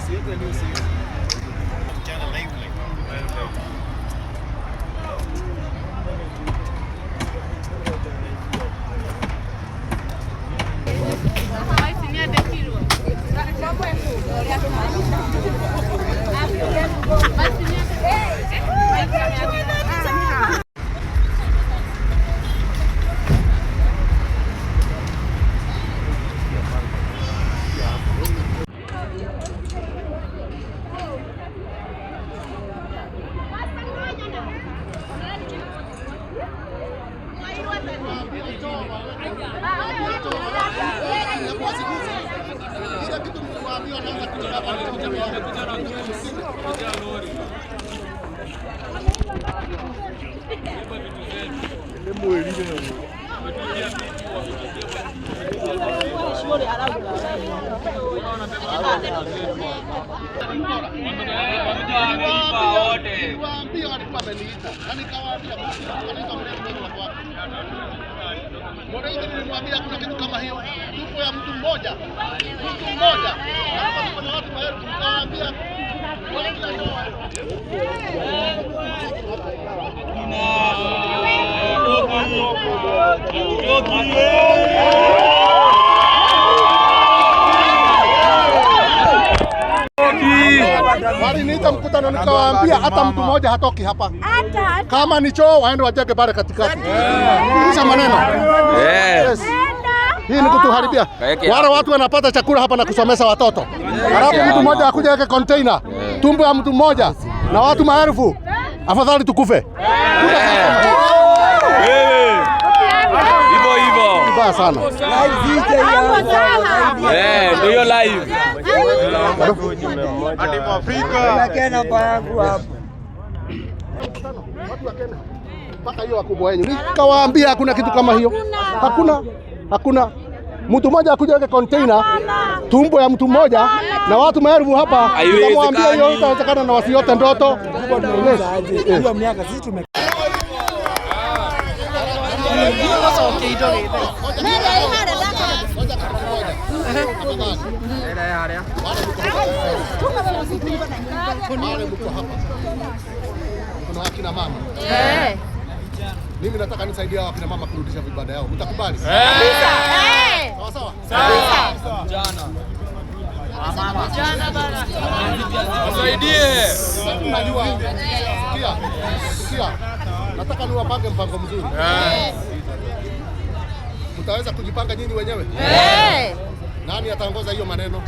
Союз, Ветролюсоюз. Nikawaambia walikuwa wameniita na nikawaambia, kanisa mlio wako wapi? Moraizi nilimwambia kuna kitu kama hiyo, tupo ya mtu mmoja, mtu mmoja na watu waliniita mkutano, nikawaambia hata mtu mmoja hatoki hapa, kama ni choo waende wajenge pale katikati. Kisha maneno hii ni kutuharibia. Wale watu wanapata chakula hapa na kusomesa watoto, halafu mtu mmoja akuja weke container tumbo ya mtu mmoja na watu maelfu, afadhali tukufe. vibaya sana. Eh, ndio live. Nikawaambia hakuna kitu kama hiyo. Hakuna. Hakuna. Mtu mmoja akuja weke container tumbo ya mtu mmoja na watu maelfu hapa, nikamwambia hiyo itawezekana na wasiote ndoto kuna akina mama mimi nataka nisaidia hao akina mama kurudisha vibanda yao, mtakubali? Najua, nataka niwapange mpango mzuri tutaweza kujipanga nyinyi wenyewe hey. Nani ataongoza hiyo maneno?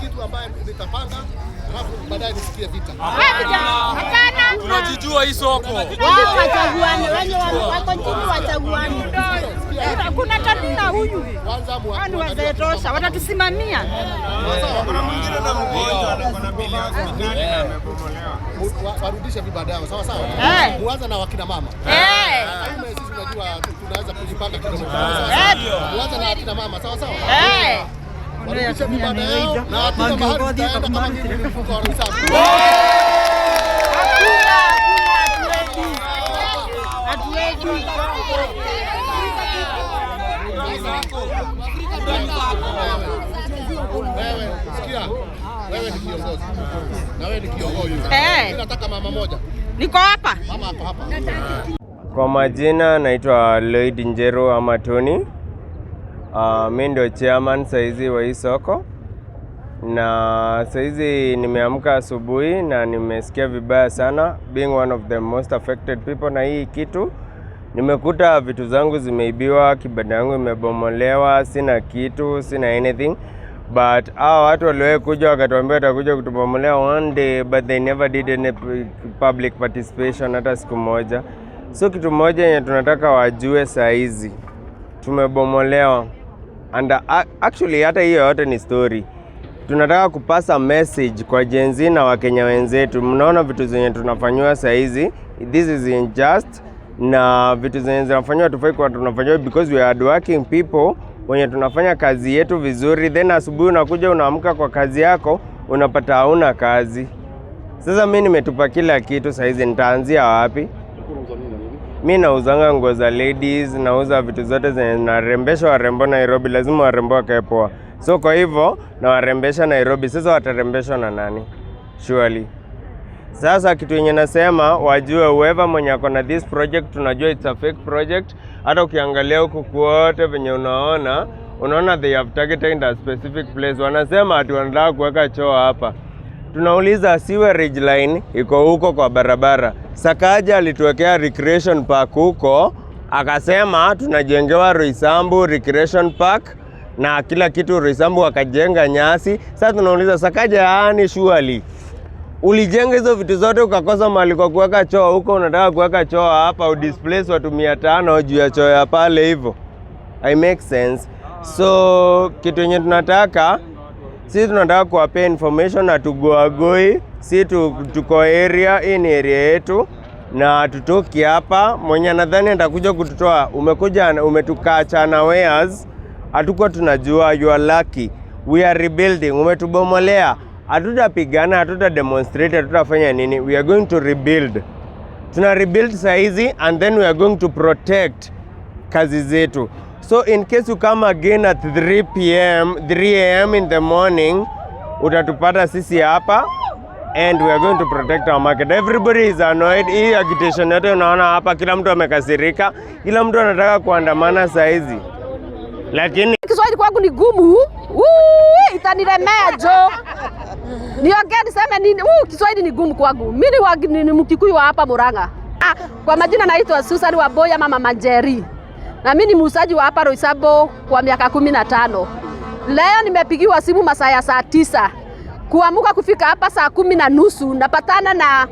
kitu ambayo nitapanga alafu baadaye nisikie vita. Tunajijua hii soko. Wao wachaguane, wenye wako chini wachaguane kuna tani huyu ani wazee watatusimamia. Kuna na ah. warudishe yao sawa sawa, eh. muanza na wakina mama eh. ah, sisi tunajua tunaweza kujipanga kidogo, eh. na wakina mama sawa sawa yao na wakina mahali kama Eh. niko hapa hapa. Kwa majina naitwa Lloyd Njeru ama Tony. Uh, ah, mi ndio chairman saizi wa hii soko na saizi nimeamka asubuhi na nimesikia vibaya sana, being one of the most affected people na hii kitu Nimekuta vitu zangu zimeibiwa, kibanda yangu imebomolewa, sina kitu, sina anything but hao hawa watu waliwahi kuja wakatuambia watakuja kutubomolea one day, but they never did any public participation hata siku moja. So kitu moja yenye tunataka wajue saa hizi tumebomolewa, and uh, actually hata hiyo yote ni story. Tunataka kupasa message kwa Gen Z na Wakenya wenzetu, mnaona vitu zenye tunafanyiwa saa hizi, this is unjust na vitu zenye zinafanywa tufai kwa tunafanywa because we are hardworking people wenye tunafanya kazi yetu vizuri, then asubuhi unakuja unaamka kwa kazi yako unapata hauna kazi. Sasa mi nimetupa kila kitu, saizi nitaanzia wapi? Mi nauzanga nguo za ladies, nauza vitu zote zenye narembesha warembo Nairobi. Lazima warembo wakae poa, so kwa hivyo nawarembesha Nairobi. Sasa watarembeshwa na nani? Surely sasa kitu yenye nasema wajue, whoever mwenye ako na this project, tunajua it's a fake project. Hata ukiangalia huku kwote venye unaona unaona they have targeted a specific place. Wanasema ati wanataka kuweka choo hapa. Tunauliza sewerage line iko huko kwa barabara. Sakaja alituwekea recreation park huko, akasema tunajengewa Roysambu recreation park na kila kitu Roysambu, akajenga nyasi. Sasa tunauliza Sakaja, yaani surely ulijenga hizo vitu zote ukakosa mali kwa kuweka choo huko, unataka kuweka choo hapa, udisplace watu mia tano juu ya choo ya pale hivyo. I make sense. So kitu yenye tunataka si tunataka kuwapea information na tugoagoi, si tuko area, hii ni area yetu na tutoki hapa. Mwenye nadhani atakuja kututoa, umekuja umetukacha na wares, hatukuwa tunajua. You are lucky, we are rebuilding, umetubomolea hatutapigana, hatuta demonstrate, hatutafanya nini, we are going to rebuild. Tuna rebuild hizi and then we are going to protect kazi zetu. So in case you come again at 3 pm, 3 am in the morning utatupata sisi hapa and we are going to protect our market. Everybody is annoyed. Hii agitation yote unaona hapa, kila mtu amekasirika, kila mtu anataka kuandamana hizi. lakini Kiswahili kwangu ni gumu, itanilemea jo Niongee niseme nini? Uh, Kiswahili ni gumu kwangu. Mimi ni Mkikuyu wa hapa Murang'a. Ah, kwa majina naitwa Susan Waboya mama Manjeri. Na mimi ni muuzaji wa hapa Roysambu kwa miaka kumi na tano. Leo nimepigiwa simu masaa ya saa tisa kuamuka kufika hapa saa kumi na nusu napatana na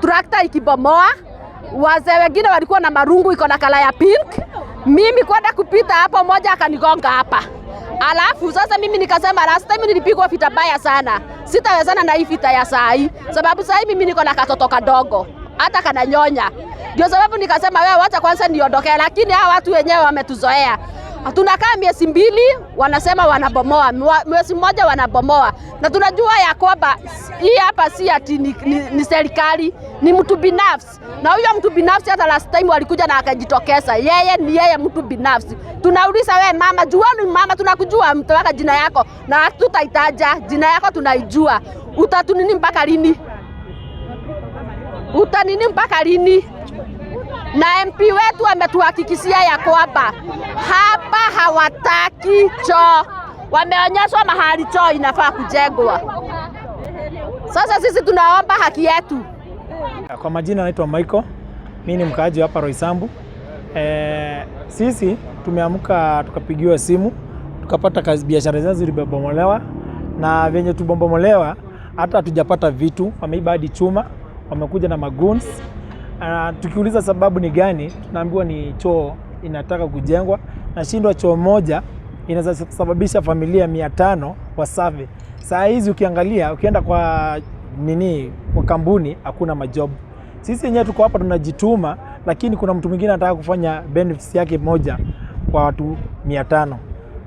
trakta ikibomoa. Wazee wengine walikuwa na marungu iko na kala ya pink. Mimi kwenda kupita hapo, moja akanigonga hapa, alafu sasa mimi nikasema last time nilipigwa vita baya sana sitawezana na hii ya sai sababu saa mimi niko na katoto kadogo hata kananyonya. Ndio sababu nikasema wewe, wacha kwanza niondoke, lakini hawa watu wenyewe wametuzoea Tunakaa miezi mbili, wanasema wanabomoa, miezi mmoja wanabomoa, na tunajua ya kwamba hii hapa si ati ni, ni, ni serikali, ni mtu binafsi. Na huyo mtu binafsi hata last time walikuja na akajitokeza, yeye ni yeye mtu binafsi. Tunauliza we mama, ni mama, tunakujua mtowaka jina yako na hatutaitaja jina yako, tunaijua. Utatunini mpaka lini? Utanini mpaka lini? na MP wetu ametuhakikishia ya kwamba hapa hawataki choo, wameonyeshwa mahali choo inafaa kujengwa. Sasa sisi tunaomba haki yetu. Kwa majina naitwa Michael, mi ni mkaaji hapa Roysambu. E, sisi tumeamka tukapigiwa simu tukapata kazi, biashara zetu zilibomolewa, na venye tubomolewa hata hatujapata vitu, wameiba hadi chuma, wamekuja na magoons Uh, tukiuliza sababu ni gani, tunaambiwa ni choo inataka kujengwa, na shindwa choo moja inaweza sababisha familia mia tano wasafi. Saa hizi ukiangalia, ukienda kwa nini, kwa kampuni hakuna majob. Sisi wenyewe tuko hapa tunajituma, lakini kuna mtu mwingine anataka kufanya benefits yake moja kwa watu mia tano.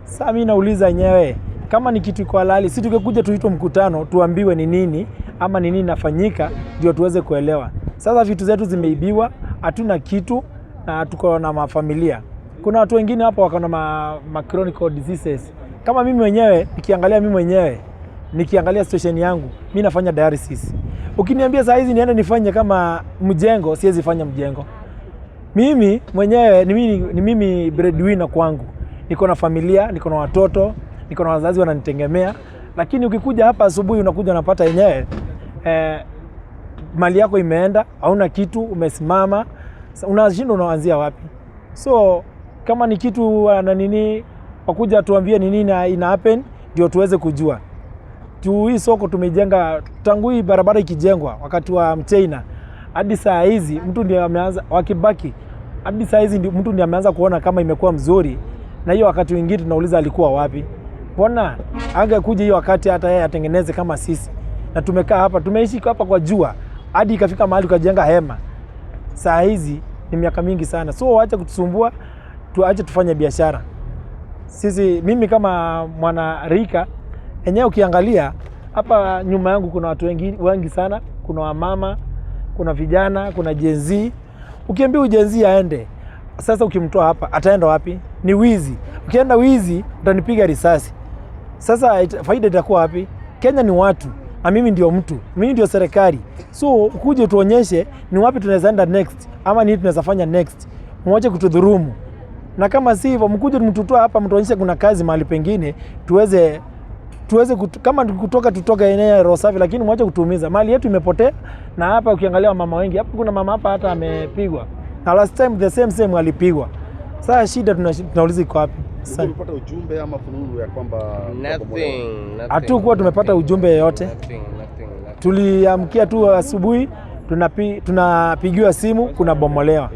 Sasa mimi nauliza yenyewe kama ni kitu kwa halali, si tukekuja tuitwe mkutano tuambiwe ni nini ama ni nini nafanyika, ndio tuweze kuelewa. Sasa vitu zetu zimeibiwa, hatuna kitu na tuko na mafamilia. Kuna watu wengine hapo wako na ma, ma chronic diseases. Kama mimi mwenyewe nikiangalia, mimi mwenyewe nikiangalia situation yangu, mimi nafanya dialysis. Ukiniambia saa hizi niende nifanye kama mjengo, siwezi fanya mjengo. Mimi mwenyewe ni mimi, ni mimi breadwinner kwangu, niko na familia, niko na watoto, niko na wazazi wananitegemea, lakini ukikuja hapa asubuhi unakuja unapata yenyewe eh, mali yako imeenda, hauna kitu, umesimama, unashindwa, unaanzia wapi? So kama ni kitu ah, na nini, wakuja tuambie ni nini ina happen, ndio tuweze kujua tu. hii soko tumejenga tangu hii barabara ikijengwa wakati wa mchina hadi saa hizi mtu ndiye ameanza wakibaki hadi saa hizi mtu ndiye ameanza kuona kama imekuwa mzuri, na hiyo wakati wengine tunauliza alikuwa wapi? Mbona angekuja hiyo wakati hata yeye atengeneze kama sisi? Na tumekaa hapa, tumeishi hapa kwa jua hadi ikafika mahali tukajenga hema. Saa hizi ni miaka mingi sana, so waache kutusumbua, tuache tufanye biashara sisi. Mimi kama mwana rika enyewe, ukiangalia hapa nyuma yangu kuna watu wengi, wengi sana. Kuna wamama, kuna vijana, kuna jenzi. Ukiambia ujenzi aende sasa, ukimtoa hapa ataenda wapi? Ni wizi. Ukienda wizi utanipiga risasi. Sasa faida itakuwa wapi? Kenya ni watu na ah, mimi ndio mtu, mimi ndio serikali. So kuje tuonyeshe ni wapi tunaweza enda next, ama nini tunaweza fanya next. Mwache kutudhurumu, na kama si hivyo mkuje mtutoa hapa, mtuonyeshe kuna kazi mahali pengine tuweze tuweze kutu, kama kutoka tutoka eneo ya roho safi, lakini mwache kutuumiza. Mali yetu imepotea, na hapa ukiangalia mama wengi hapa, kuna mama hapa hata amepigwa, na last time the same same alipigwa. Sasa shida tunauliza iko wapi? Tumepata ujumbe ama fununu ya kwamba hatukuwa tumepata ujumbe yeyote tuliamkia tu asubuhi, tunapigiwa simu kuna bomolewa.